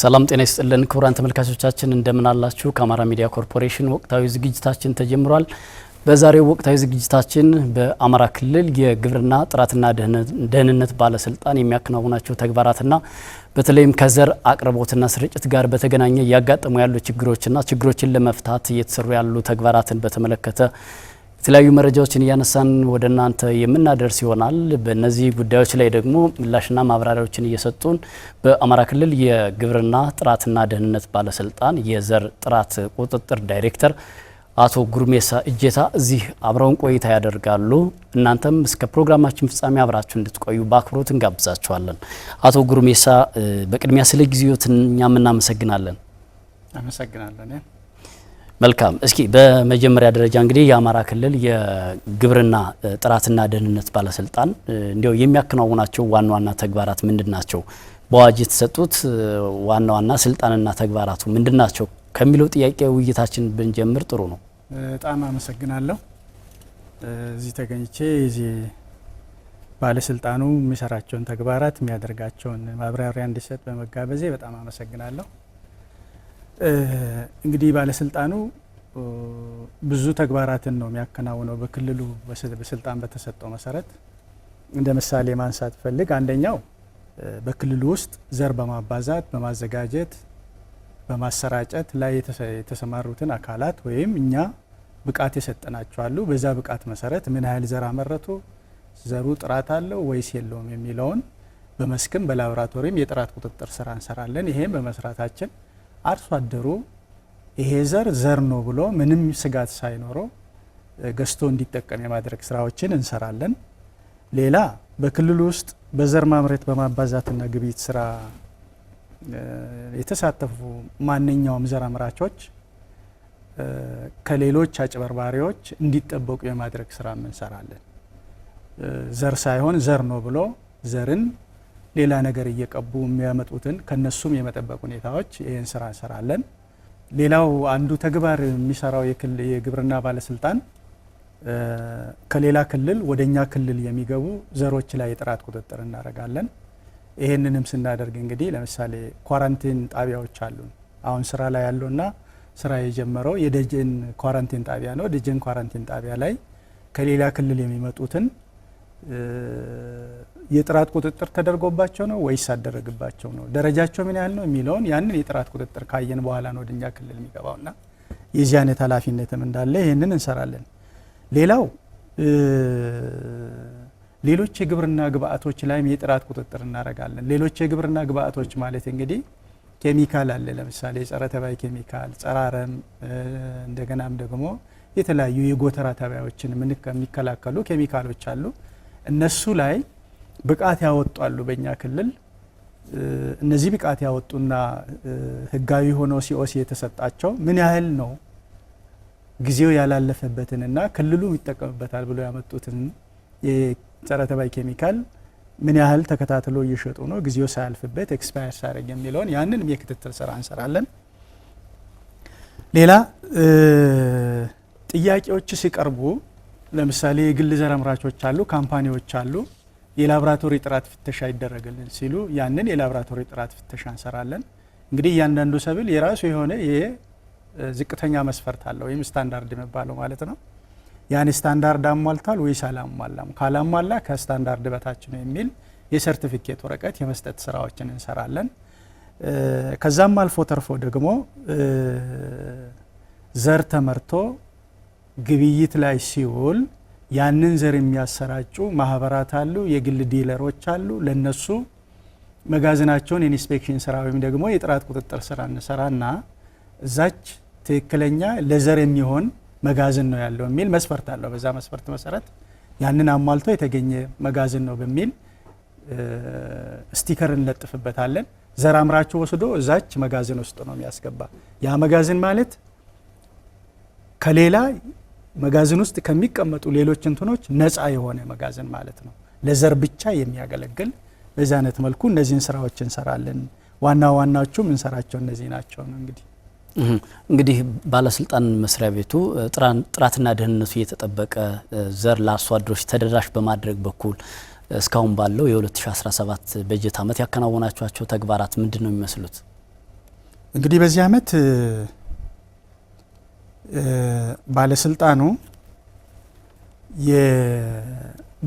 ሰላም ጤና ይስጥልን ክቡራን ተመልካቾቻችን እንደምን አላችሁ? ከአማራ ሚዲያ ኮርፖሬሽን ወቅታዊ ዝግጅታችን ተጀምሯል። በዛሬው ወቅታዊ ዝግጅታችን በአማራ ክልል የግብርና ጥራትና ደህንነት ባለስልጣን የሚያከናውናቸው ተግባራትና በተለይም ከዘር አቅርቦትና ስርጭት ጋር በተገናኘ እያጋጠሙ ያሉ ችግሮችና ችግሮችን ለመፍታት እየተሰሩ ያሉ ተግባራትን በተመለከተ የተለያዩ መረጃዎችን እያነሳን ወደ እናንተ የምናደርስ ይሆናል። በእነዚህ ጉዳዮች ላይ ደግሞ ምላሽና ማብራሪያዎችን እየሰጡን በአማራ ክልል የግብርና ጥራትና ደህንነት ባለስልጣን የዘር ጥራት ቁጥጥር ዳይሬክተር አቶ ጉርሜሳ እጀታ እዚህ አብረውን ቆይታ ያደርጋሉ። እናንተም እስከ ፕሮግራማችን ፍጻሜ አብራችሁ እንድትቆዩ በአክብሮት እንጋብዛችኋለን። አቶ ጉርሜሳ በቅድሚያ ስለ ጊዜዎት እኛም እናመሰግናለን። አመሰግናለን። መልካም እስኪ በመጀመሪያ ደረጃ እንግዲህ የአማራ ክልል የግብርና ጥራትና ደህንነት ባለስልጣን እንዲያው የሚያከናውናቸው ዋና ዋና ተግባራት ምንድን ናቸው? በአዋጅ የተሰጡት ዋና ዋና ስልጣንና ተግባራቱ ምንድን ናቸው ከሚለው ጥያቄ ውይይታችን ብንጀምር ጥሩ ነው። በጣም አመሰግናለሁ። እዚህ ተገኝቼ እዚህ ባለስልጣኑ የሚሰራቸውን ተግባራት የሚያደርጋቸውን ማብራሪያ እንዲሰጥ በመጋበዜ በጣም አመሰግናለሁ። እንግዲህ ባለስልጣኑ ብዙ ተግባራትን ነው የሚያከናውነው በክልሉ በስልጣን በተሰጠው መሰረት። እንደ ምሳሌ ማንሳት ፈልግ አንደኛው በክልሉ ውስጥ ዘር በማባዛት በማዘጋጀት በማሰራጨት ላይ የተሰማሩትን አካላት ወይም እኛ ብቃት የሰጠናቸዋሉ በዛ ብቃት መሰረት ምን ያህል ዘር አመረቱ፣ ዘሩ ጥራት አለው ወይስ የለውም የሚለውን በመስክም በላቦራቶሪም የጥራት ቁጥጥር ስራ እንሰራለን። ይሄም በመስራታችን አርሶ አደሩ ይሄ ዘር ዘር ነው ብሎ ምንም ስጋት ሳይኖረው ገዝቶ እንዲጠቀም የማድረግ ስራዎችን እንሰራለን። ሌላ በክልሉ ውስጥ በዘር ማምረት በማባዛትና ግብይት ስራ የተሳተፉ ማንኛውም ዘር አምራቾች ከሌሎች አጭበርባሪዎች እንዲጠበቁ የማድረግ ስራም እንሰራለን። ዘር ሳይሆን ዘር ነው ብሎ ዘርን ሌላ ነገር እየቀቡ የሚያመጡትን ከነሱም የመጠበቅ ሁኔታዎች ይህን ስራ እንሰራለን። ሌላው አንዱ ተግባር የሚሰራው የግብርና ባለስልጣን ከሌላ ክልል ወደ እኛ ክልል የሚገቡ ዘሮች ላይ የጥራት ቁጥጥር እናደርጋለን። ይህንንም ስናደርግ እንግዲህ ለምሳሌ ኳራንቲን ጣቢያዎች አሉን። አሁን ስራ ላይ ያለውና ስራ የጀመረው የደጀን ኳራንቲን ጣቢያ ነው። ደጀን ኳራንቲን ጣቢያ ላይ ከሌላ ክልል የሚመጡትን የጥራት ቁጥጥር ተደርጎባቸው ነው ወይስ አደረግባቸው ነው፣ ደረጃቸው ምን ያህል ነው የሚለውን ያንን የጥራት ቁጥጥር ካየን በኋላ ነው ወደኛ ክልል የሚገባውና የዚህ አይነት ኃላፊነትም እንዳለ ይህንን እንሰራለን። ሌላው ሌሎች የግብርና ግብአቶች ላይም የጥራት ቁጥጥር እናደርጋለን። ሌሎች የግብርና ግብአቶች ማለት እንግዲህ ኬሚካል አለ። ለምሳሌ ጸረ ተባይ ኬሚካል፣ ጸረ አረም፣ እንደገናም ደግሞ የተለያዩ የጎተራ ተባዮችን የሚከላከሉ ኬሚካሎች አሉ። እነሱ ላይ ብቃት ያወጧሉ። በእኛ ክልል እነዚህ ብቃት ያወጡና ህጋዊ ሆነው ሲኦሲ የተሰጣቸው ምን ያህል ነው ጊዜው ያላለፈበትንና ክልሉ ይጠቀምበታል ብሎ ያመጡትን የጸረ ተባይ ኬሚካል ምን ያህል ተከታትሎ እየሸጡ ነው፣ ጊዜው ሳያልፍበት ኤክስፓየር ሳያደርግ የሚለውን ያንንም የክትትል ስራ እንሰራለን። ሌላ ጥያቄዎች ሲቀርቡ ለምሳሌ የግል ዘር አምራቾች አሉ፣ ካምፓኒዎች አሉ። የላብራቶሪ ጥራት ፍተሻ ይደረግልን ሲሉ ያንን የላብራቶሪ ጥራት ፍተሻ እንሰራለን። እንግዲህ እያንዳንዱ ሰብል የራሱ የሆነ የዝቅተኛ መስፈርት አለ ወይም ስታንዳርድ የሚባለው ማለት ነው። ያን ስታንዳርድ አሟልቷል ወይስ አላሟላም፣ ካላሟላ ከስታንዳርድ በታች ነው የሚል የሰርቲፊኬት ወረቀት የመስጠት ስራዎችን እንሰራለን። ከዛም አልፎ ተርፎ ደግሞ ዘር ተመርቶ ግብይት ላይ ሲውል ያንን ዘር የሚያሰራጩ ማህበራት አሉ፣ የግል ዲለሮች አሉ። ለነሱ መጋዘናቸውን የኢንስፔክሽን ስራ ወይም ደግሞ የጥራት ቁጥጥር ስራ እንሰራና እዛች ትክክለኛ ለዘር የሚሆን መጋዘን ነው ያለው የሚል መስፈርት አለው። በዛ መስፈርት መሰረት ያንን አሟልቶ የተገኘ መጋዘን ነው በሚል ስቲከር እንለጥፍበታለን። ዘር አምራቹ ወስዶ እዛች መጋዘን ውስጥ ነው የሚያስገባ። ያ መጋዘን ማለት ከሌላ መጋዘን ውስጥ ከሚቀመጡ ሌሎች እንትኖች ነፃ የሆነ መጋዘን ማለት ነው። ለዘር ብቻ የሚያገለግል በዚህ አይነት መልኩ እነዚህን ስራዎች እንሰራለን። ዋና ዋናዎቹም እንሰራቸው እነዚህ ናቸው ነው እንግዲህ እንግዲህ ባለስልጣን መስሪያ ቤቱ ጥራትና ደህንነቱ የተጠበቀ ዘር ለአርሶ አደሮች ተደራሽ በማድረግ በኩል እስካሁን ባለው የ2017 በጀት ዓመት ያከናወናቸዋቸው ተግባራት ምንድን ነው የሚመስሉት? እንግዲህ በዚህ ዓመት ባለስልጣኑ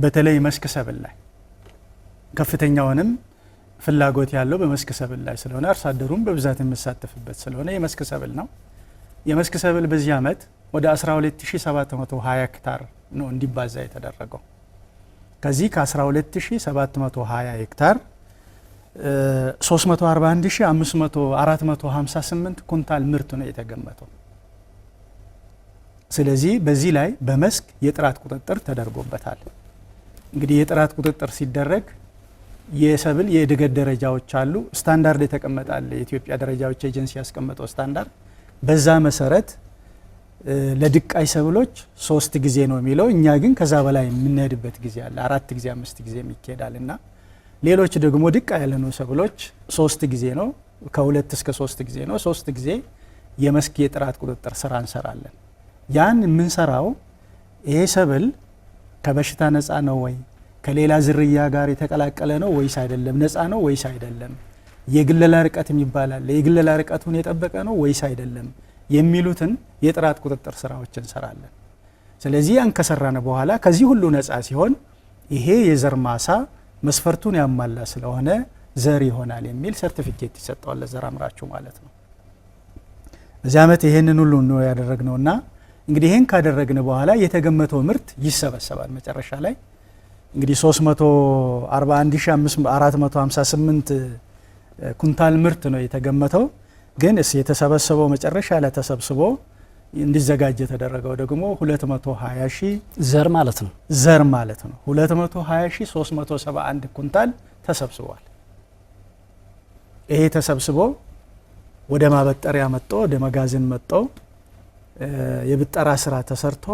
በተለይ መስክ ሰብል ላይ ከፍተኛውንም ፍላጎት ያለው በመስክ ሰብል ላይ ስለሆነ አርሶ አደሩም በብዛት የሚሳተፍበት ስለሆነ የመስክ ሰብል ነው። የመስክ ሰብል በዚህ ዓመት ወደ 12720 ሄክታር ነው እንዲባዛ የተደረገው። ከዚህ ከ12720 ሄክታር 341558 ኩንታል ምርት ነው የተገመተው። ስለዚህ በዚህ ላይ በመስክ የጥራት ቁጥጥር ተደርጎበታል። እንግዲህ የጥራት ቁጥጥር ሲደረግ የሰብል የእድገት ደረጃዎች አሉ። ስታንዳርድ የተቀመጣል። የኢትዮጵያ ደረጃዎች ኤጀንሲ ያስቀመጠው ስታንዳርድ በዛ መሰረት ለድቃይ ሰብሎች ሶስት ጊዜ ነው የሚለው። እኛ ግን ከዛ በላይ የምንሄድበት ጊዜ አለ። አራት ጊዜ አምስት ጊዜ ይካሄዳል እና ሌሎች ደግሞ ድቃይ ያልሆኑ ሰብሎች ሶስት ጊዜ ነው፣ ከሁለት እስከ ሶስት ጊዜ ነው። ሶስት ጊዜ የመስክ የጥራት ቁጥጥር ስራ እንሰራለን። ያን የምንሰራው ይሄ ሰብል ከበሽታ ነፃ ነው ወይ ከሌላ ዝርያ ጋር የተቀላቀለ ነው ወይስ አይደለም፣ ነፃ ነው ወይስ አይደለም፣ የግለላ ርቀት ይባላል፣ የግለላ ርቀቱን የጠበቀ ነው ወይስ አይደለም የሚሉትን የጥራት ቁጥጥር ስራዎች እንሰራለን። ስለዚህ ያን ከሰራን በኋላ ከዚህ ሁሉ ነፃ ሲሆን ይሄ የዘር ማሳ መስፈርቱን ያሟላ ስለሆነ ዘር ይሆናል የሚል ሰርቲፊኬት ይሰጠዋል ለዘር አምራችሁ ማለት ነው። በዚህ ዓመት ይሄንን ሁሉ ነው ያደረግነውና እንግዲህ ይህን ካደረግን በኋላ የተገመተው ምርት ይሰበሰባል። መጨረሻ ላይ እንግዲህ 341458 ኩንታል ምርት ነው የተገመተው። ግን እስ የተሰበሰበው መጨረሻ ላይ ተሰብስቦ እንዲዘጋጅ የተደረገው ደግሞ 220 ዘር ማለት ነው ዘር ማለት ነው 220 371 ኩንታል ተሰብስቧል። ይሄ ተሰብስቦ ወደ ማበጠሪያ መጦ ወደ መጋዘን መጦ የብጠራ ስራ ተሰርቶ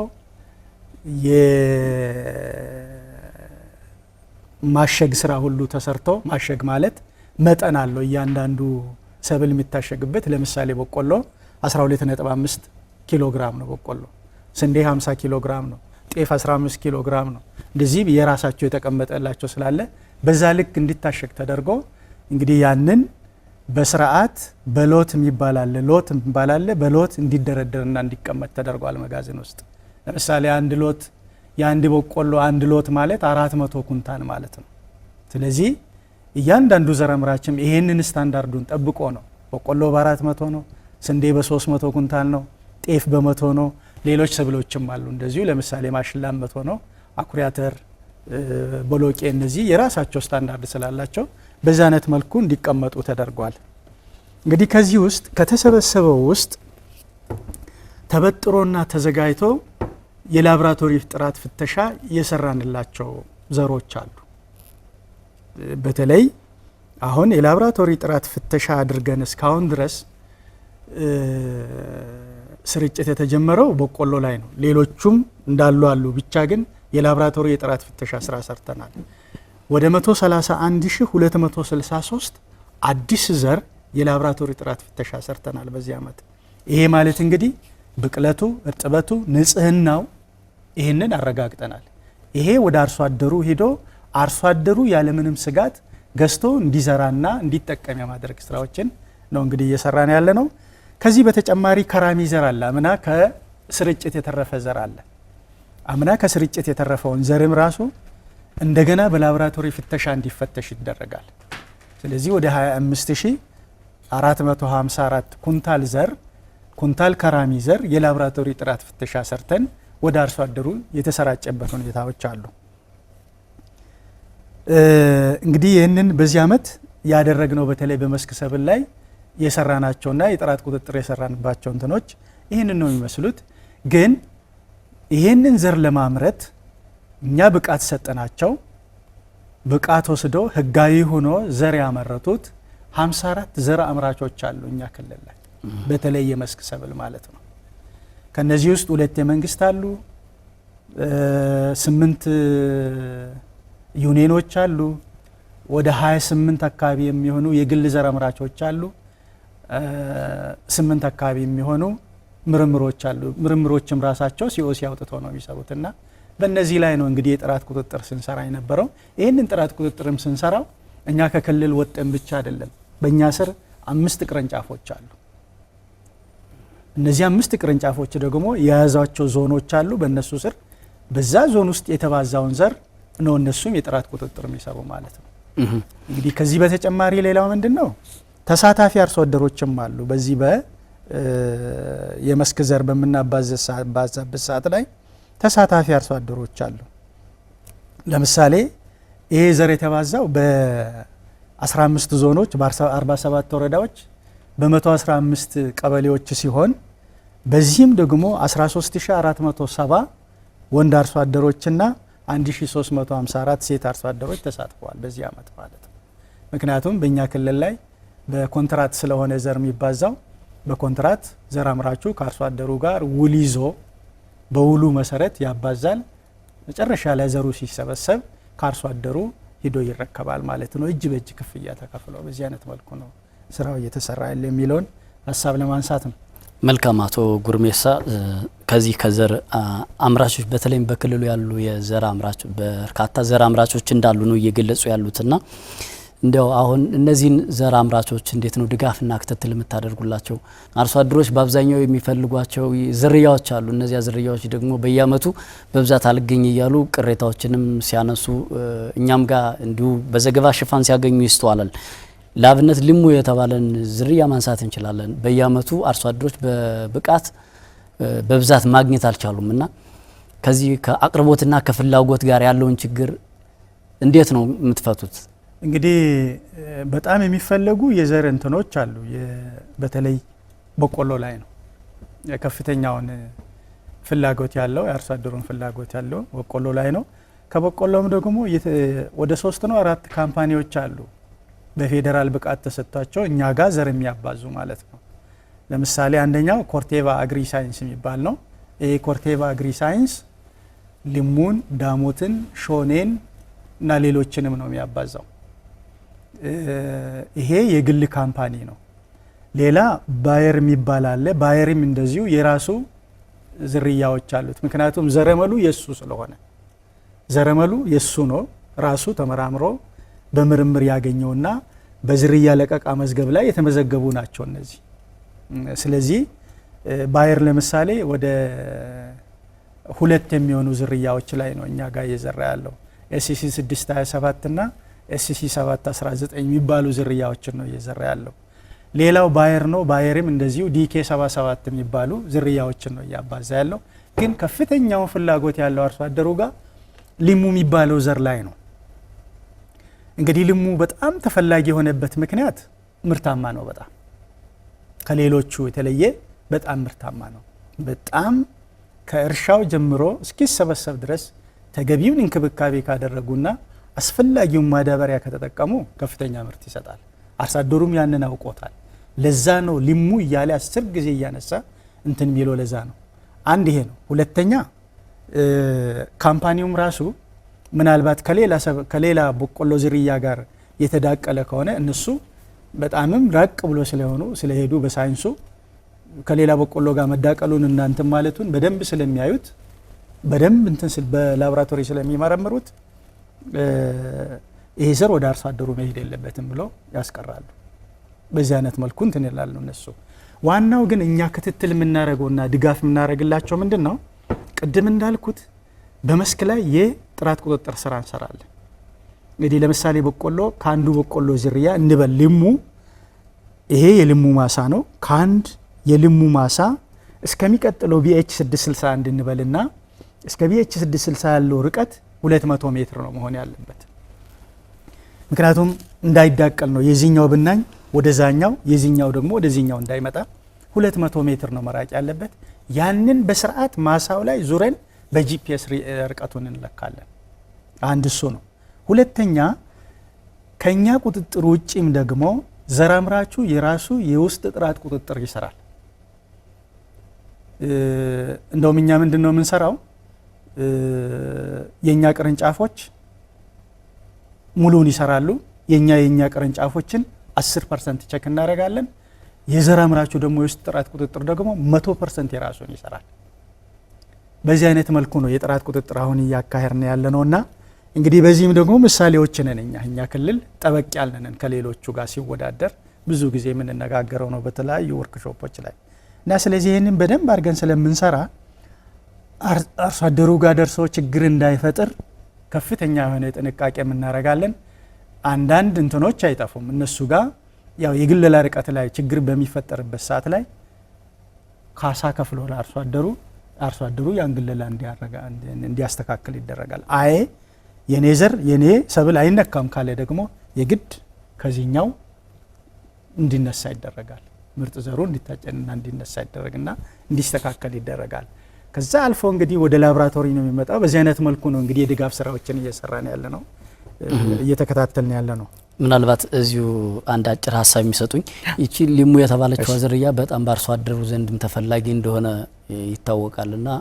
የማሸግ ስራ ሁሉ ተሰርቶ ማሸግ ማለት መጠን አለው እያንዳንዱ ሰብል የሚታሸግበት ለምሳሌ በቆሎ 12.5 ኪሎ ግራም ነው በቆሎ ስንዴ 50 ኪሎ ግራም ነው ጤፍ 15 ኪሎ ግራም ነው እንደዚህ የራሳቸው የተቀመጠላቸው ስላለ በዛ ልክ እንዲታሸግ ተደርጎ እንግዲህ ያንን በስርዓት በሎት የሚባላለ ሎት የሚባላለ በሎት እንዲደረደርና እንዲቀመጥ ተደርጓል። መጋዘን ውስጥ ለምሳሌ አንድ ሎት የአንድ በቆሎ አንድ ሎት ማለት አራት መቶ ኩንታን ማለት ነው። ስለዚህ እያንዳንዱ ዘረምራችም ይሄንን ስታንዳርዱን ጠብቆ ነው። በቆሎ በአራት መቶ ነው። ስንዴ በሶስት መቶ ኩንታል ነው። ጤፍ በመቶ ነው። ሌሎች ሰብሎችም አሉ እንደዚሁ ለምሳሌ ማሽላ መቶ ነው። አኩሪ አተር፣ ቦሎቄ እነዚህ የራሳቸው ስታንዳርድ ስላላቸው በዚህ አይነት መልኩ እንዲቀመጡ ተደርጓል። እንግዲህ ከዚህ ውስጥ ከተሰበሰበው ውስጥ ተበጥሮና ተዘጋጅቶ የላብራቶሪ ጥራት ፍተሻ እየሰራንላቸው ዘሮች አሉ። በተለይ አሁን የላብራቶሪ ጥራት ፍተሻ አድርገን እስካሁን ድረስ ስርጭት የተጀመረው በቆሎ ላይ ነው። ሌሎቹም እንዳሉ አሉ። ብቻ ግን የላብራቶሪ የጥራት ፍተሻ ስራ ሰርተናል። ወደ 131263 አዲስ ዘር የላብራቶሪ ጥራት ፍተሻ ሰርተናል በዚህ ዓመት። ይሄ ማለት እንግዲህ ብቅለቱ፣ እርጥበቱ፣ ንጽህናው ይህንን አረጋግጠናል። ይሄ ወደ አርሶ አደሩ ሂዶ አርሶ አደሩ ያለምንም ስጋት ገዝቶ እንዲዘራና እንዲጠቀም የማድረግ ስራዎችን ነው እንግዲህ እየሰራን ያለ ነው። ከዚህ በተጨማሪ ከራሚ ዘር አለ። አምና ከስርጭት የተረፈ ዘር አለ። አምና ከስርጭት የተረፈውን ዘርም ራሱ እንደገና በላቦራቶሪ ፍተሻ እንዲፈተሽ ይደረጋል። ስለዚህ ወደ 25454 ኩንታል ዘር ኩንታል ከራሚ ዘር የላቦራቶሪ ጥራት ፍተሻ ሰርተን ወደ አርሶ አደሩ የተሰራጨበት ሁኔታዎች አሉ። እንግዲህ ይህንን በዚህ ዓመት ያደረግነው በተለይ በመስክ ሰብል ላይ የሰራናቸውና የጥራት ቁጥጥር የሰራንባቸው እንትኖች ይህንን ነው የሚመስሉት። ግን ይህንን ዘር ለማምረት እኛ ብቃት ሰጠናቸው። ብቃት ወስዶ ህጋዊ ሆኖ ዘር ያመረቱት 54 ዘር አምራቾች አሉ እኛ ክልል ላይ በተለይ የመስክ ሰብል ማለት ነው። ከነዚህ ውስጥ ሁለት የመንግስት አሉ፣ ስምንት ዩኒየኖች አሉ፣ ወደ 28 አካባቢ የሚሆኑ የግል ዘር አምራቾች አሉ፣ ስምንት አካባቢ የሚሆኑ ምርምሮች አሉ። ምርምሮችም ራሳቸው ሲኦሲ አውጥቶ ነው የሚሰሩትና በእነዚህ ላይ ነው እንግዲህ የጥራት ቁጥጥር ስንሰራ የነበረው። ይህንን ጥራት ቁጥጥርም ስንሰራው እኛ ከክልል ወጥን ብቻ አይደለም። በእኛ ስር አምስት ቅርንጫፎች አሉ። እነዚህ አምስት ቅርንጫፎች ደግሞ የያዛቸው ዞኖች አሉ። በእነሱ ስር በዛ ዞን ውስጥ የተባዛውን ዘር ነው እነሱም የጥራት ቁጥጥር የሚሰሩ ማለት ነው። እንግዲህ ከዚህ በተጨማሪ ሌላው ምንድን ነው ተሳታፊ አርሶ አደሮችም አሉ። በዚህ በ የመስክ ዘር በምናባዛበት ሰዓት ላይ ተሳታፊ አርሶ አደሮች አሉ። ለምሳሌ ይሄ ዘር የተባዛው በ15 ዞኖች በ47 ወረዳዎች በ115 ቀበሌዎች ሲሆን በዚህም ደግሞ 13470 ወንድ አርሶ አደሮችና 1354 ሴት አርሶ አደሮች ተሳትፈዋል በዚህ ዓመት ማለት ነው። ምክንያቱም በእኛ ክልል ላይ በኮንትራት ስለሆነ ዘር የሚባዛው በኮንትራት ዘር አምራቹ ከአርሶ አደሩ ጋር ውል ይዞ በውሉ መሰረት ያባዛል። መጨረሻ ላይ ዘሩ ሲሰበሰብ ከአርሶ አደሩ ሂዶ ይረከባል ማለት ነው። እጅ በእጅ ክፍያ ተከፍሎ በዚህ አይነት መልኩ ነው ስራው እየተሰራ ያለ የሚለውን ሀሳብ ለማንሳት ነው። መልካም አቶ ጉርሜሳ ከዚህ ከዘር አምራቾች በተለይም በክልሉ ያሉ የዘር አምራቾች በርካታ ዘር አምራቾች እንዳሉ ነው እየገለጹ ያሉትና እንዲያው አሁን እነዚህን ዘር አምራቾች እንዴት ነው ድጋፍና ክትትል የምታደርጉላቸው? አርሶ አደሮች በአብዛኛው የሚፈልጓቸው ዝርያዎች አሉ። እነዚያ ዝርያዎች ደግሞ በየአመቱ በብዛት አልገኝ እያሉ ቅሬታዎችንም ሲያነሱ እኛም ጋር እንዲሁ በዘገባ ሽፋን ሲያገኙ ይስተዋላል። ለአብነት ልሙ የተባለን ዝርያ ማንሳት እንችላለን። በየአመቱ አርሶ አደሮች በብቃት በብዛት ማግኘት አልቻሉም እና ከዚህ ከአቅርቦትና ከፍላጎት ጋር ያለውን ችግር እንዴት ነው የምትፈቱት? እንግዲህ በጣም የሚፈለጉ የዘር እንትኖች አሉ። በተለይ በቆሎ ላይ ነው ከፍተኛውን ፍላጎት ያለው የአርሶ አደሩን ፍላጎት ያለው በቆሎ ላይ ነው። ከበቆሎም ደግሞ ወደ ሶስት ነው አራት ካምፓኒዎች አሉ በፌዴራል ብቃት ተሰጥቷቸው እኛ ጋር ዘር የሚያባዙ ማለት ነው። ለምሳሌ አንደኛው ኮርቴቫ አግሪ ሳይንስ የሚባል ነው። ይሄ ኮርቴቫ አግሪ ሳይንስ ሊሙን፣ ዳሞትን፣ ሾኔን እና ሌሎችንም ነው የሚያባዛው። ይሄ የግል ካምፓኒ ነው። ሌላ ባየር የሚባል አለ። ባየርም እንደዚሁ የራሱ ዝርያዎች አሉት። ምክንያቱም ዘረመሉ የሱ ስለሆነ ዘረመሉ የሱ ነው። ራሱ ተመራምሮ በምርምር ያገኘውና በዝርያ ለቀቃ መዝገብ ላይ የተመዘገቡ ናቸው እነዚህ። ስለዚህ ባየር ለምሳሌ ወደ ሁለት የሚሆኑ ዝርያዎች ላይ ነው እኛ ጋር እየዘራ ያለው 6 627 እና ኤስሲ 719 የሚባሉ ዝርያዎችን ነው እየዘራ ያለው። ሌላው ባየር ነው። ባየርም እንደዚሁ ዲኬ 77 የሚባሉ ዝርያዎችን ነው እያባዛ ያለው። ግን ከፍተኛውን ፍላጎት ያለው አርሶ አደሩ ጋር ልሙ የሚባለው ዘር ላይ ነው። እንግዲህ ልሙ በጣም ተፈላጊ የሆነበት ምክንያት ምርታማ ነው። በጣም ከሌሎቹ የተለየ በጣም ምርታማ ነው። በጣም ከእርሻው ጀምሮ እስኪሰበሰብ ድረስ ተገቢውን እንክብካቤ ካደረጉና አስፈላጊውን ማዳበሪያ ከተጠቀሙ ከፍተኛ ምርት ይሰጣል። አርሶ አደሩም ያንን አውቆታል። ለዛ ነው ሊሙ እያለ አስር ጊዜ እያነሳ እንትን የሚለው ለዛ ነው። አንድ ይሄ ነው። ሁለተኛ ካምፓኒውም ራሱ ምናልባት ከሌላ በቆሎ ዝርያ ጋር የተዳቀለ ከሆነ እነሱ በጣምም ራቅ ብሎ ስለሆኑ ስለሄዱ በሳይንሱ ከሌላ በቆሎ ጋር መዳቀሉን እናንትን ማለቱን በደንብ ስለሚያዩት በደንብ እንትን በላቦራቶሪ ስለሚመረምሩት ይሄ ዘር ወደ አርሶ አደሩ መሄድ የለበትም ብለው ያስቀራሉ። በዚህ አይነት መልኩ እንትን ይላሉ እነሱ። ዋናው ግን እኛ ክትትል የምናደርገውና ድጋፍ የምናደርግላቸው ምንድን ነው? ቅድም እንዳልኩት በመስክ ላይ የጥራት ቁጥጥር ስራ እንሰራለን። እንግዲህ ለምሳሌ በቆሎ ከአንዱ በቆሎ ዝርያ እንበል ልሙ፣ ይሄ የልሙ ማሳ ነው። ከአንድ የልሙ ማሳ እስከሚቀጥለው ቢኤች 661 እንበልና እስከ ቢኤች 660 ያለው ርቀት ሁለት መቶ ሜትር ነው መሆን ያለበት። ምክንያቱም እንዳይዳቀል ነው የዚህኛው ብናኝ ወደዛኛው የዚህኛው ደግሞ ወደዚህኛው እንዳይመጣ ሁለት መቶ ሜትር ነው መራቅ ያለበት። ያንን በስርዓት ማሳው ላይ ዙረን በጂፒኤስ ርቀቱን እንለካለን። አንድ እሱ ነው። ሁለተኛ ከእኛ ቁጥጥር ውጭም ደግሞ ዘራምራቹ የራሱ የውስጥ ጥራት ቁጥጥር ይሰራል። እንደውም እኛ ምንድን ነው የምንሰራው? የእኛ ቅርንጫፎች ሙሉውን ይሰራሉ። የእኛ የእኛ ቅርንጫፎችን 10 ፐርሰንት ቸክ እናደርጋለን። የዘር አምራቹ ደግሞ የውስጥ ጥራት ቁጥጥር ደግሞ መቶ ፐርሰንት የራሱን ይሰራል። በዚህ አይነት መልኩ ነው የጥራት ቁጥጥር አሁን እያካሄድን ያለ ነው እና እንግዲህ በዚህም ደግሞ ምሳሌዎች ነን እኛ እኛ ክልል ጠበቅ ያልንን ከሌሎቹ ጋር ሲወዳደር ብዙ ጊዜ የምንነጋገረው ነው በተለያዩ ወርክሾፖች ላይ እና ስለዚህ ይህንን በደንብ አድርገን ስለምንሰራ አርሶ አደሩ ጋር ደርሶ ችግር እንዳይፈጥር ከፍተኛ የሆነ ጥንቃቄ የምናረጋለን። አንዳንድ እንትኖች አይጠፉም። እነሱ ጋር ያው የግለላ ርቀት ላይ ችግር በሚፈጠርበት ሰዓት ላይ ካሳ ከፍሎ ለአርሶ አደሩ አርሶ አደሩ ያን ግለላ እንዲያስተካክል ይደረጋል። አይ የኔ ዘር የኔ ሰብል አይነካም ካለ ደግሞ የግድ ከዚህኛው እንዲነሳ ይደረጋል። ምርጥ ዘሩ እንዲታጨንና እንዲነሳ ይደረግና እንዲስተካከል ይደረጋል። ከዛ አልፎ እንግዲህ ወደ ላብራቶሪ ነው የሚመጣው። በዚህ አይነት መልኩ ነው እንግዲህ የድጋፍ ስራዎችን እየሰራ ነው ያለ ነው እየተከታተልን ያለ ነው። ምናልባት እዚሁ አንድ አጭር ሀሳብ የሚሰጡኝ ይቺ ሊሙ የተባለችው ዝርያ በጣም በአርሶ አደሩ ዘንድም ተፈላጊ እንደሆነ ና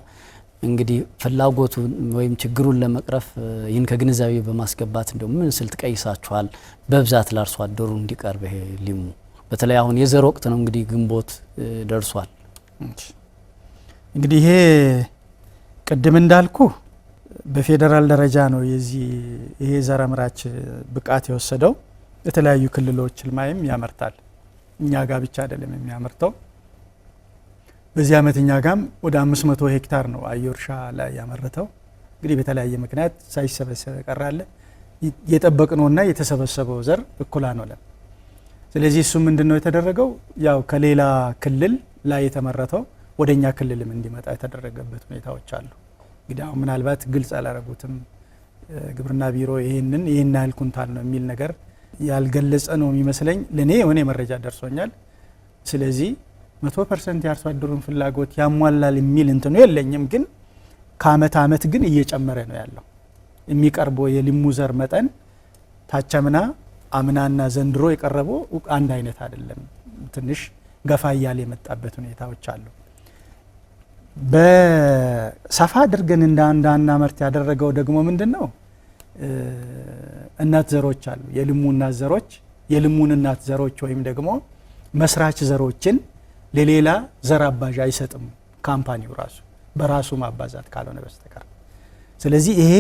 እንግዲህ ፍላጎቱን ወይም ችግሩን ለመቅረፍ ይህን ከግንዛቤ በማስገባት እንደ ምን ስልት ቀይሳችኋል በብዛት ለአርሶ አደሩ እንዲቀርብ ይሄ ሊሙ በተለይ አሁን የዘር ወቅት ነው እንግዲህ ግንቦት ደርሷል። እንግዲህ ይሄ ቅድም እንዳልኩ በፌዴራል ደረጃ ነው የዚህ ይሄ ዘር አምራች ብቃት የወሰደው የተለያዩ ክልሎች ልማይም ያመርታል። እኛ ጋ ብቻ አይደለም የሚያመርተው። በዚህ አመት እኛ ጋም ወደ አምስት መቶ ሄክታር ነው አየር እርሻ ላይ ያመረተው። እንግዲህ በተለያየ ምክንያት ሳይሰበሰበ ቀራለ። የጠበቅነውና የተሰበሰበው ዘር እኩላ ነው ለም። ስለዚህ እሱ ምንድን ነው የተደረገው ያው ከሌላ ክልል ላይ የተመረተው ወደ እኛ ክልልም እንዲመጣ የተደረገበት ሁኔታዎች አሉ። እንግዲህ አሁን ምናልባት ግልጽ አላረጉትም። ግብርና ቢሮ ይህንን ይህን ያህል ኩንታል ነው የሚል ነገር ያልገለጸ ነው የሚመስለኝ። ለእኔ የሆነ መረጃ ደርሶኛል። ስለዚህ መቶ ፐርሰንት የአርሶ አደሩን ፍላጎት ያሟላል የሚል እንትኑ የለኝም። ግን ከአመት አመት ግን እየጨመረ ነው ያለው የሚቀርበው የሊሙ ዘር መጠን ታቸምና አምናና ዘንድሮ የቀረበው አንድ አይነት አይደለም። ትንሽ ገፋ እያለ የመጣበት ሁኔታዎች አሉ። በሰፋ አድርገን እንደ አንድ አና ምርት ያደረገው ደግሞ ምንድን ነው? እናት ዘሮች አሉ። የልሙ እናት ዘሮች የልሙን እናት ዘሮች ወይም ደግሞ መስራች ዘሮችን ለሌላ ዘር አባዣ አይሰጥም ካምፓኒው ራሱ በራሱ ማባዛት ካልሆነ በስተቀር። ስለዚህ ይሄ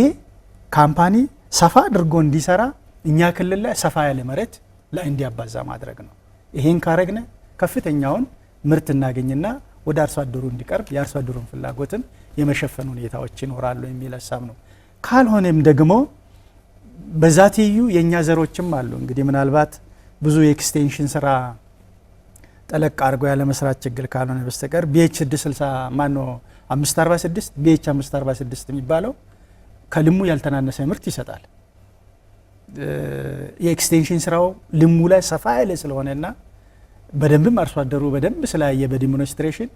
ካምፓኒ ሰፋ አድርጎ እንዲሰራ እኛ ክልል ላይ ሰፋ ያለ መሬት ላይ እንዲያባዛ ማድረግ ነው። ይሄን ካረግነ ከፍተኛውን ምርት እናገኝና ወደ አርሶ አደሩ እንዲቀርብ የአርሶ አደሩን ፍላጎትን የመሸፈን ሁኔታዎች ይኖራሉ የሚል ሀሳብ ነው። ካልሆነም ደግሞ በዛ ትይዩ የእኛ ዘሮችም አሉ። እንግዲህ ምናልባት ብዙ የኤክስቴንሽን ስራ ጠለቅ አድርጎ ያለመስራት ችግር ካልሆነ በስተቀር ቢኤች 660 ማኖ 546 ቢኤች 546 የሚባለው ከልሙ ያልተናነሰ ምርት ይሰጣል። የኤክስቴንሽን ስራው ልሙ ላይ ሰፋ ያለ ስለሆነና በደንብም አርሶ አደሩ በደንብ ስላየ በዲሞንስትሬሽን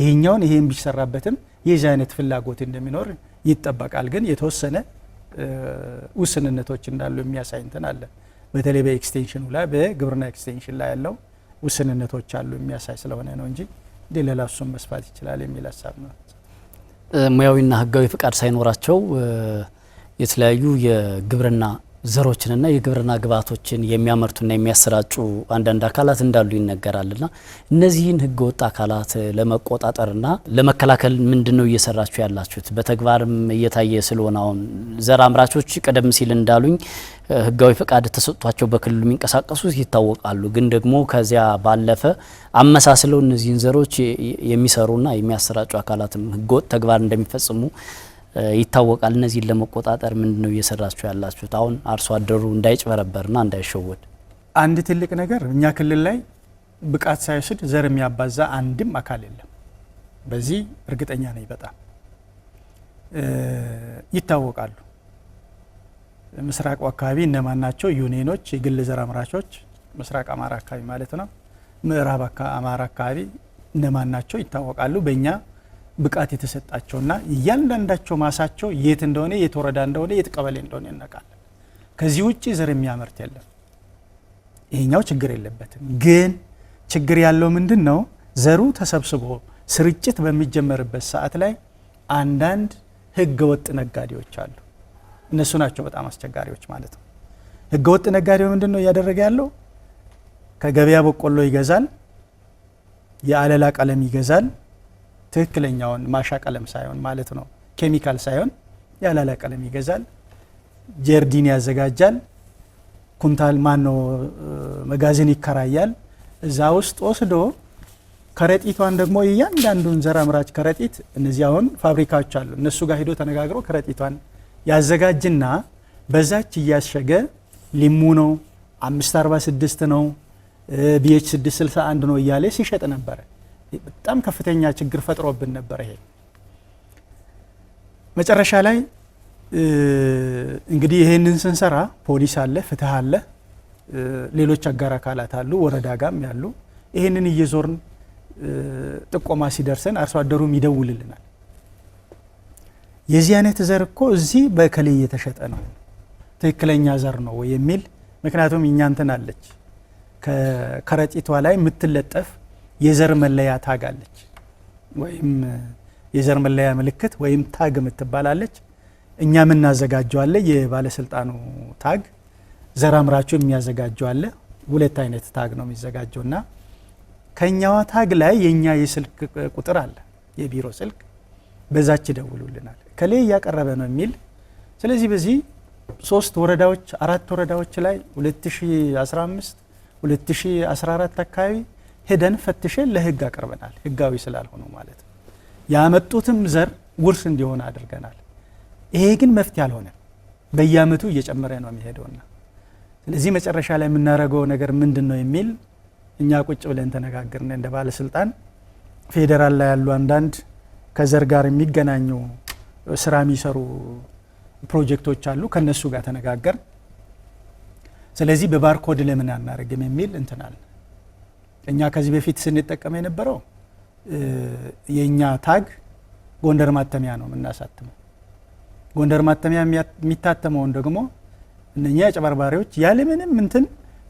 ይሄኛውን ይሄን ቢሰራበትም የዚህ አይነት ፍላጎት እንደሚኖር ይጠበቃል። ግን የተወሰነ ውስንነቶች እንዳሉ የሚያሳይ እንትን አለ። በተለይ በኤክስቴንሽኑ ላይ በግብርና ኤክስቴንሽን ላይ ያለው ውስንነቶች አሉ የሚያሳይ ስለሆነ ነው እንጂ ሌላ እሱን መስፋት ይችላል የሚል ሀሳብ ነው። ሙያዊና ህጋዊ ፍቃድ ሳይኖራቸው የተለያዩ የግብርና ዘሮችንና የግብርና ግብዓቶችን የሚያመርቱና የሚያሰራጩ አንዳንድ አካላት እንዳሉ ይነገራልና እነዚህን ህገወጥ አካላት ለመቆጣጠርና ለመከላከል ምንድን ነው እየሰራችሁ ያላችሁት? በተግባርም እየታየ ስለሆነ አሁን ዘር አምራቾች ቀደም ሲል እንዳሉኝ ህጋዊ ፈቃድ ተሰጥቷቸው በክልሉ የሚንቀሳቀሱ ይታወቃሉ። ግን ደግሞ ከዚያ ባለፈ አመሳስለው እነዚህን ዘሮች የሚሰሩና የሚያሰራጩ አካላትም ህገወጥ ተግባር እንደሚፈጽሙ ይታወቃል። እነዚህን ለመቆጣጠር ምንድነው እየሰራችሁ ያላችሁት? አሁን አርሶ አደሩ እንዳይጭበረበርና እንዳይሸወድ አንድ ትልቅ ነገር እኛ ክልል ላይ ብቃት ሳይወስድ ዘር የሚያባዛ አንድም አካል የለም። በዚህ እርግጠኛ ነኝ። በጣም ይታወቃሉ። ምስራቁ አካባቢ እነማን ናቸው? ዩኔኖች የግል ዘር አምራቾች፣ ምስራቅ አማራ አካባቢ ማለት ነው። ምዕራብ አማራ አካባቢ እነማን ናቸው? ይታወቃሉ በእኛ ብቃት የተሰጣቸውና እያንዳንዳቸው ማሳቸው የት እንደሆነ የት ወረዳ እንደሆነ የት ቀበሌ እንደሆነ እናውቃለን። ከዚህ ውጭ ዘር የሚያመርት የለም። ይሄኛው ችግር የለበትም። ግን ችግር ያለው ምንድን ነው? ዘሩ ተሰብስቦ ስርጭት በሚጀመርበት ሰዓት ላይ አንዳንድ ህገ ወጥ ነጋዴዎች አሉ። እነሱ ናቸው በጣም አስቸጋሪዎች ማለት ነው። ህገ ወጥ ነጋዴው ምንድን ነው እያደረገ ያለው? ከገበያ በቆሎ ይገዛል፣ የአለላ ቀለም ይገዛል ትክክለኛውን ማሻ ቀለም ሳይሆን ማለት ነው፣ ኬሚካል ሳይሆን ያላላ ቀለም ይገዛል፣ ጀርዲን ያዘጋጃል፣ ኩንታል ማነው መጋዘን ይከራያል። እዛ ውስጥ ወስዶ ከረጢቷን ደግሞ እያንዳንዱን ዘር አምራች ከረጢት እነዚህ አሁን ፋብሪካዎች አሉ። እነሱ ጋር ሂዶ ተነጋግሮ ከረጢቷን ያዘጋጅና በዛች እያሸገ ሊሙ ነው 4ስድስት ነው ቢኤች 661 ነው እያለ ሲሸጥ ነበረ። በጣም ከፍተኛ ችግር ፈጥሮብን ነበር። ይሄ መጨረሻ ላይ እንግዲህ ይሄንን ስንሰራ ፖሊስ አለ፣ ፍትህ አለ፣ ሌሎች አጋር አካላት አሉ፣ ወረዳ ጋም ያሉ ይሄንን እየዞርን ጥቆማ ሲደርሰን አርሶ አደሩም ይደውልልናል። የዚህ አይነት ዘር እኮ እዚህ በእከሌ እየተሸጠ ነው፣ ትክክለኛ ዘር ነው የሚል ምክንያቱም እኛ እንትን አለች ከረጢቷ ላይ የምትለጠፍ የዘር መለያ ታግ አለች ወይም የዘር መለያ ምልክት ወይም ታግ የምትባላለች። እኛ የምናዘጋጀው አለ፣ የባለስልጣኑ ታግ ዘር አምራቹ የሚያዘጋጀው አለ። ሁለት አይነት ታግ ነው የሚዘጋጀው እና ከእኛዋ ታግ ላይ የእኛ የስልክ ቁጥር አለ፣ የቢሮ ስልክ በዛች ይደውሉልናል። ከሌ እያቀረበ ነው የሚል ስለዚህ በዚህ ሶስት ወረዳዎች አራት ወረዳዎች ላይ 2015 2014 አካባቢ ሄደን ፈትሸን ለህግ አቅርበናል። ህጋዊ ስላልሆኑ ማለት ነው። ያመጡትም ዘር ውርስ እንዲሆን አድርገናል። ይሄ ግን መፍትሄ አልሆነም። በየአመቱ እየጨመረ ነው የሚሄደውና ስለዚህ መጨረሻ ላይ የምናደርገው ነገር ምንድን ነው የሚል እኛ ቁጭ ብለን ተነጋግርን። እንደ ባለስልጣን ፌዴራል ላይ ያሉ አንዳንድ ከዘር ጋር የሚገናኙ ስራ የሚሰሩ ፕሮጀክቶች አሉ። ከነሱ ጋር ተነጋገር። ስለዚህ በባርኮድ ለምን አናደርግም የሚል እንትናል እኛ ከዚህ በፊት ስንጠቀም የነበረው የእኛ ታግ ጎንደር ማተሚያ ነው የምናሳትመው። ጎንደር ማተሚያ የሚታተመውን ደግሞ እነኛ አጨበርባሪዎች ያለምንም እንትን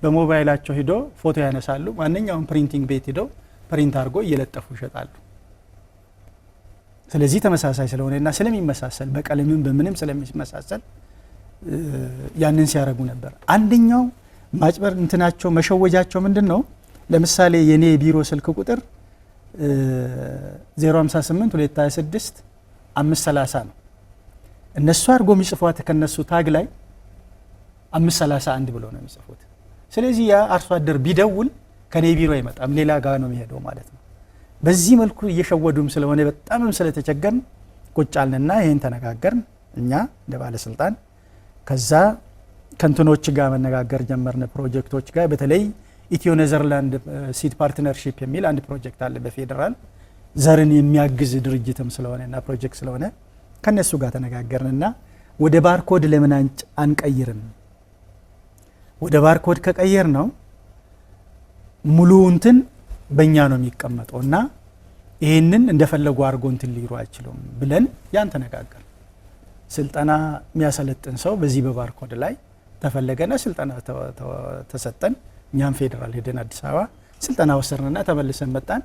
በሞባይላቸው ሂዶ ፎቶ ያነሳሉ። ማንኛውም ፕሪንቲንግ ቤት ሂደው ፕሪንት አድርጎ እየለጠፉ ይሸጣሉ። ስለዚህ ተመሳሳይ ስለሆነና ስለሚመሳሰል በቀለምም በምንም ስለሚመሳሰል ያንን ሲያደርጉ ነበር። አንደኛው ማጭበር እንትናቸው መሸወጃቸው ምንድን ነው? ለምሳሌ የኔ የቢሮ ስልክ ቁጥር 058 226 530 ነው። እነሱ አድርጎ የሚጽፏት ከነሱ ታግ ላይ 531 ብሎ ነው የሚጽፉት። ስለዚህ ያ አርሶ አደር ቢደውል ከኔ ቢሮ አይመጣም፣ ሌላ ጋ ነው የሚሄደው ማለት ነው። በዚህ መልኩ እየሸወዱም ስለሆነ በጣምም ስለተቸገርን ቁጭ አልንና ይህን ተነጋገርን። እኛ እንደ ባለስልጣን ከዛ ከንትኖች ጋር መነጋገር ጀመርን፣ ፕሮጀክቶች ጋር በተለይ ኢትዮ ኔዘርላንድ ሲድ ፓርትነርሺፕ የሚል አንድ ፕሮጀክት አለ በፌዴራል ዘርን የሚያግዝ ድርጅትም ስለሆነና ፕሮጀክት ስለሆነ ከነሱ ጋር ተነጋገርንና ወደ ባርኮድ ለምን አንቀይርም? ወደ ባርኮድ ከቀየር ነው ሙሉውንትን በእኛ ነው የሚቀመጠው እና ይህንን እንደፈለጉ አድርጎ እንትን ሊሉ አይችሉም ብለን ያን ተነጋገር። ስልጠና የሚያሰለጥን ሰው በዚህ በባርኮድ ላይ ተፈለገና ስልጠና ተሰጠን። እኛም ፌዴራል ሄደን አዲስ አበባ ስልጠና ወሰርንና ተመልሰን መጣን።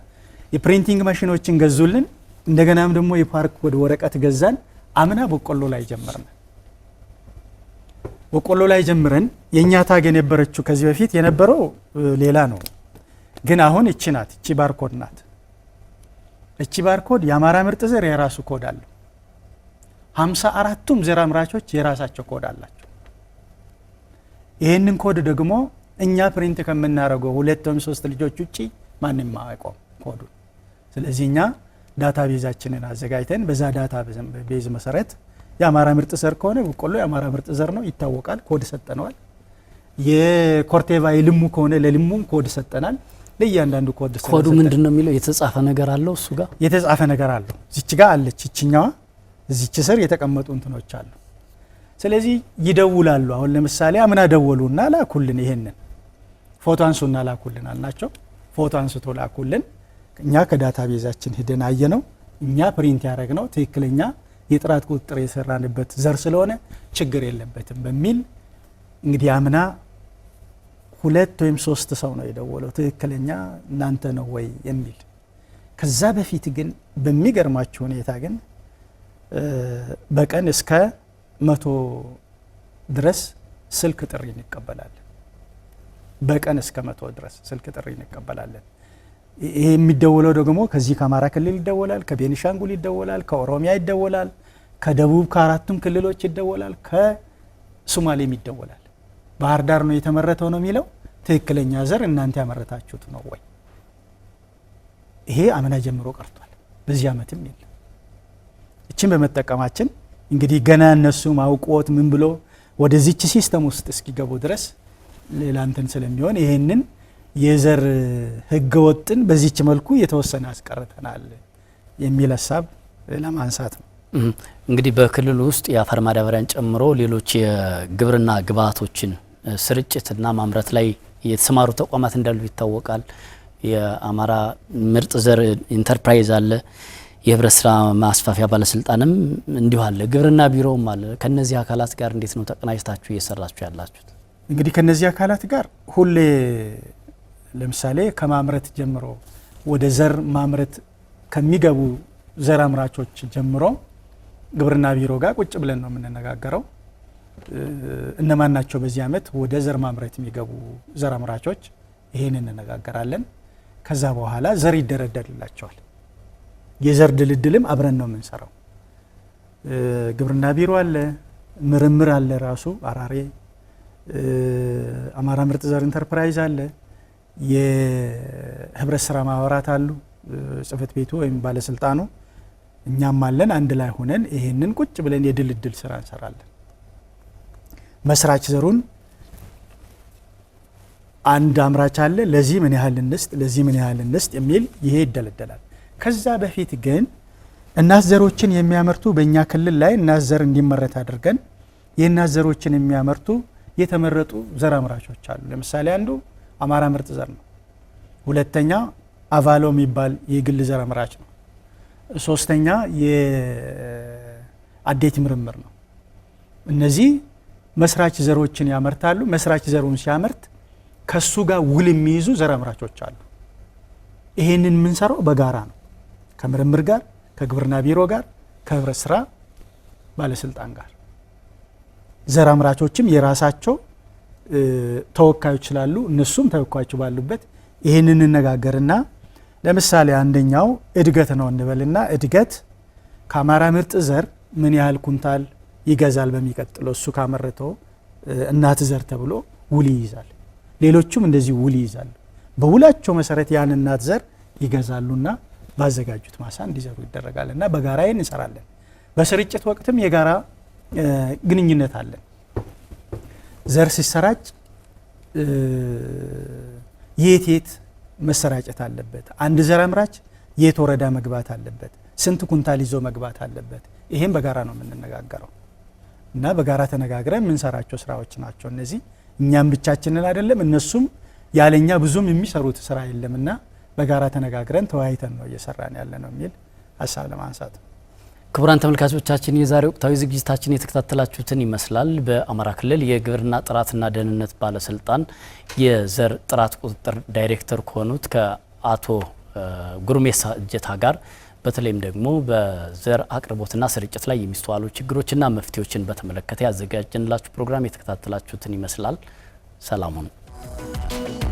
የፕሪንቲንግ ማሽኖችን ገዙልን። እንደገናም ደግሞ የፓርክ ወደ ወረቀት ገዛን። አምና በቆሎ ላይ ጀመርን። በቆሎ ላይ ጀምረን የእኛ ታግ የነበረችው ከዚህ በፊት የነበረው ሌላ ነው፣ ግን አሁን እቺ ናት። እቺ ባርኮድ ናት። እቺ ባርኮድ የአማራ ምርጥ ዘር የራሱ ኮድ አለው። ሀምሳ አራቱም ዘር አምራቾች የራሳቸው ኮድ አላቸው። ይህንን ኮድ ደግሞ እኛ ፕሪንት ከምናደርገው ሁለት ወይም ሶስት ልጆች ውጭ ማንም አይቆም ኮዱ። ስለዚህ እኛ ዳታ ቤዛችንን አዘጋጅተን በዛ ዳታ ቤዝ መሰረት የአማራ ምርጥ ዘር ከሆነ በቆሎ የአማራ ምርጥ ዘር ነው ይታወቃል፣ ኮድ ሰጠነዋል። የኮርቴቫ የልሙ ከሆነ ለልሙም ኮድ ሰጠናል። ለእያንዳንዱ ኮድ ኮዱ ምንድን ነው የሚለው የተጻፈ ነገር አለው። እሱ ጋር የተጻፈ ነገር አለው። እዚች ጋር አለች፣ ይችኛዋ እዚች ስር የተቀመጡ እንትኖች አሉ። ስለዚህ ይደውላሉ። አሁን ለምሳሌ አምና ደወሉና ላኩልን ይሄንን ፎቶ አንሱና ላኩልን አልናቸው። ፎቶ አንስቶ ላኩልን። እኛ ከዳታ ቤዛችን ሂደን ነው እኛ ፕሪንት ነው ትክክለኛ የጥራት ቁጥጥር የሰራንበት ዘር ስለሆነ ችግር የለበትም በሚል እንግዲህ አምና ሁለት ወይም ሶስት ሰው ነው የደወለው ትክክለኛ እናንተ ነው ወይ የሚል። ከዛ በፊት ግን በሚገርማችሁ ሁኔታ ግን በቀን እስከ መቶ ድረስ ስልክ ጥሪ እንቀበላለን። በቀን እስከ መቶ ድረስ ስልክ ጥሪ እንቀበላለን። ይሄ የሚደወለው ደግሞ ከዚህ ከአማራ ክልል ይደወላል፣ ከቤኒሻንጉል ይደወላል፣ ከኦሮሚያ ይደወላል፣ ከደቡብ ከአራቱም ክልሎች ይደወላል፣ ከሱማሌም ይደወላል። ባህር ዳር ነው የተመረተው ነው የሚለው ትክክለኛ ዘር እናንተ ያመረታችሁት ነው ወይ? ይሄ አምና ጀምሮ ቀርቷል። በዚህ አመትም የለም። እችን በመጠቀማችን እንግዲህ ገና እነሱ አውቆት ምን ብሎ ወደዚች ሲስተም ውስጥ እስኪገቡ ድረስ ሌላ እንትን ስለሚሆን ይህንን የዘር ህገ ወጥን በዚች መልኩ የተወሰነ አስቀርተናል የሚል ሀሳብ ለማንሳት ነው። እንግዲህ በክልሉ ውስጥ የአፈር ማዳበሪያን ጨምሮ ሌሎች የግብርና ግብዓቶችን ስርጭትና ማምረት ላይ የተሰማሩ ተቋማት እንዳሉ ይታወቃል። የአማራ ምርጥ ዘር ኢንተርፕራይዝ አለ። የህብረት ስራ ማስፋፊያ ባለስልጣንም እንዲሁ አለ፣ ግብርና ቢሮውም አለ። ከእነዚህ አካላት ጋር እንዴት ነው ተቀናጅታችሁ እየሰራችሁ ያላችሁት? እንግዲህ ከነዚህ አካላት ጋር ሁሌ ለምሳሌ ከማምረት ጀምሮ ወደ ዘር ማምረት ከሚገቡ ዘር አምራቾች ጀምሮ ግብርና ቢሮ ጋር ቁጭ ብለን ነው የምንነጋገረው። እነማን ናቸው በዚህ ዓመት ወደ ዘር ማምረት የሚገቡ ዘር አምራቾች? ይሄን እንነጋገራለን። ከዛ በኋላ ዘር ይደረደርላቸዋል። የዘር ድልድልም አብረን ነው የምንሰራው። ግብርና ቢሮ አለ፣ ምርምር አለ፣ ራሱ አራሬ አማራ ምርጥ ዘር ኢንተርፕራይዝ አለ፣ የህብረት ስራ ማህበራት አሉ። ጽህፈት ቤቱ ወይም ባለስልጣኑ እኛም አለን። አንድ ላይ ሆነን ይሄንን ቁጭ ብለን የድልድል ስራ እንሰራለን። መስራች ዘሩን አንድ አምራች አለ። ለዚህ ምን ያህል እንስጥ፣ ለዚህ ምን ያህል እንስጥ የሚል ይሄ ይደለደላል። ከዛ በፊት ግን እናት ዘሮችን የሚያመርቱ በእኛ ክልል ላይ እናት ዘር እንዲመረት አድርገን የእናት ዘሮችን የሚያመርቱ የተመረጡ ዘር አምራቾች አሉ። ለምሳሌ አንዱ አማራ ምርጥ ዘር ነው። ሁለተኛ አቫሎ የሚባል የግል ዘር አምራች ነው። ሶስተኛ የአዴት ምርምር ነው። እነዚህ መስራች ዘሮችን ያመርታሉ። መስራች ዘሩን ሲያመርት ከሱ ጋር ውል የሚይዙ ዘር አምራቾች አሉ። ይሄንን የምንሰራው በጋራ ነው። ከምርምር ጋር፣ ከግብርና ቢሮ ጋር፣ ከህብረት ስራ ባለስልጣን ጋር ዘር አምራቾችም የራሳቸው ተወካዮች ስላሉ እነሱም ተወካዮች ባሉበት ይህን እንነጋገርና ለምሳሌ አንደኛው እድገት ነው እንበልና እድገት ከአማራ ምርጥ ዘር ምን ያህል ኩንታል ይገዛል በሚቀጥለው እሱ ካመረተው እናት ዘር ተብሎ ውል ይይዛል። ሌሎቹም እንደዚህ ውል ይይዛሉ። በውላቸው መሰረት ያን እናት ዘር ይገዛሉና ባዘጋጁት ማሳ እንዲዘሩ ይደረጋል እና በጋራ ይህን እንሰራለን። በስርጭት ወቅትም የጋራ ግንኙነት አለን። ዘር ሲሰራጭ የት የት መሰራጨት አለበት? አንድ ዘር አምራች የት ወረዳ መግባት አለበት? ስንት ኩንታል ይዞ መግባት አለበት? ይሄም በጋራ ነው የምንነጋገረው እና በጋራ ተነጋግረን የምንሰራቸው ስራዎች ናቸው እነዚህ። እኛም ብቻችንን አይደለም፣ እነሱም ያለኛ ብዙም የሚሰሩት ስራ የለምና በጋራ ተነጋግረን ተወያይተን ነው እየሰራን ያለ ነው የሚል ሀሳብ ለማንሳት ነው? ክቡራን ተመልካቾቻችን የዛሬ ወቅታዊ ዝግጅታችን የተከታተላችሁትን ይመስላል። በአማራ ክልል የግብርና ጥራትና ደህንነት ባለስልጣን የዘር ጥራት ቁጥጥር ዳይሬክተር ከሆኑት ከአቶ ጉርሜሳ እጀታ ጋር በተለይም ደግሞ በዘር አቅርቦትና ስርጭት ላይ የሚስተዋሉ ችግሮችና መፍትሄዎችን በተመለከተ ያዘጋጀንላችሁ ፕሮግራም የተከታተላችሁትን ይመስላል። ሰላሙን